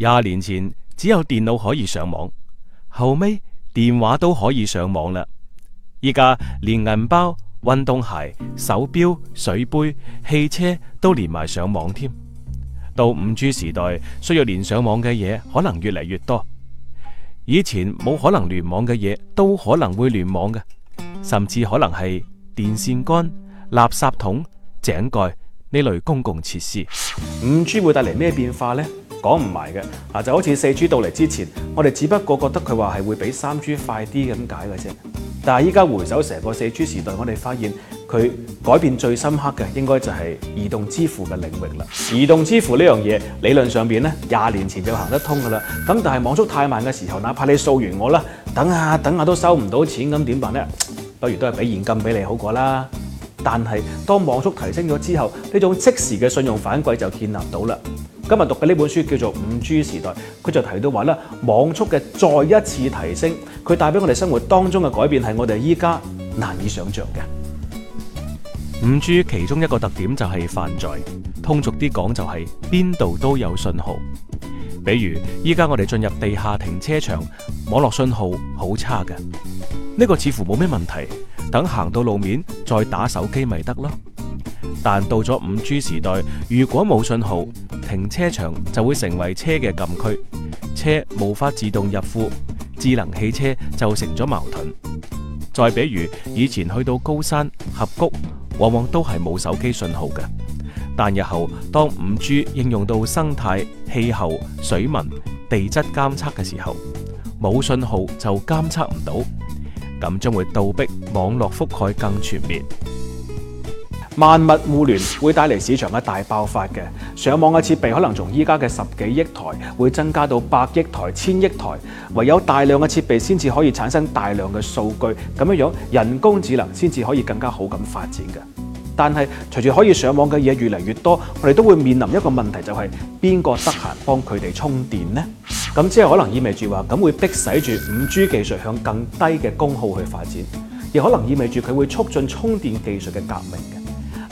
廿年前只有電腦可以上網，後尾電話都可以上網啦。依家連銀包、運動鞋、手表、水杯、汽車都連埋上網添。到五 G 時代，需要連上網嘅嘢可能越嚟越多。以前冇可能聯網嘅嘢都可能會聯網嘅，甚至可能係電線桿、垃圾桶、井蓋呢類公共設施。五 G 會帶嚟咩變化呢？講唔埋嘅就好似四 G 到嚟之前，我哋只不過覺得佢話係會比三 G 快啲咁解嘅啫。但係依家回首成個四 G 時代，我哋發現佢改變最深刻嘅，應該就係移動支付嘅領域啦。移動支付呢樣嘢理論上面呢，廿年前就行得通㗎啦。咁但係網速太慢嘅時候，哪怕你掃完我啦，等下等下都收唔到錢，咁點辦呢？不如都係俾現金俾你好過啦。但係當網速提升咗之後，呢種即時嘅信用反饋就建立到啦。今日讀嘅呢本書叫做《五 G 時代》，佢就提到話啦，網速嘅再一次提升，佢帶俾我哋生活當中嘅改變，係我哋依家難以想象嘅。五 G 其中一個特點就係泛在，通俗啲講就係邊度都有信號。比如依家我哋進入地下停車場，網絡信號好差嘅，呢個似乎冇咩問題，等行到路面再打手機咪得咯。但到咗五 G 時代，如果冇信號，停車場就會成為車嘅禁區，車無法自動入庫，智能汽車就成咗矛盾。再比如，以前去到高山、峽谷，往往都係冇手機信號嘅。但日後當五 G 應用到生態、氣候、水文、地質監測嘅時候，冇信號就監測唔到，咁將會倒逼網絡覆蓋更全面。萬物互聯會帶嚟市場嘅大爆發嘅，上網嘅設備可能從依家嘅十幾億台會增加到百億台、千億台。唯有大量嘅設備先至可以產生大量嘅數據，咁樣樣人工智能先至可以更加好咁發展嘅。但係隨住可以上網嘅嘢越嚟越多，我哋都會面臨一個問題，就係，就係邊個得閒幫佢哋充電呢？咁即係可能意味住話，咁會迫使住五 G 技術向更低嘅功耗去發展，亦可能意味住佢會促進充電技術嘅革命。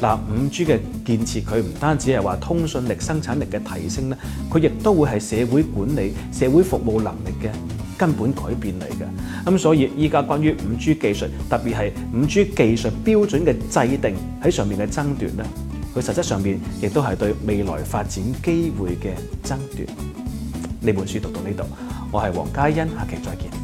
嗱，五 G 嘅建設，佢唔單止係話通訊力、生產力嘅提升咧，佢亦都會係社會管理、社會服務能力嘅根本改變嚟嘅。咁所以依家關於五 G 技術，特別係五 G 技術標準嘅制定喺上面嘅爭奪咧，佢實質上面亦都係對未來發展機會嘅爭奪。呢本書讀到呢度，我係黃嘉欣，下期再見。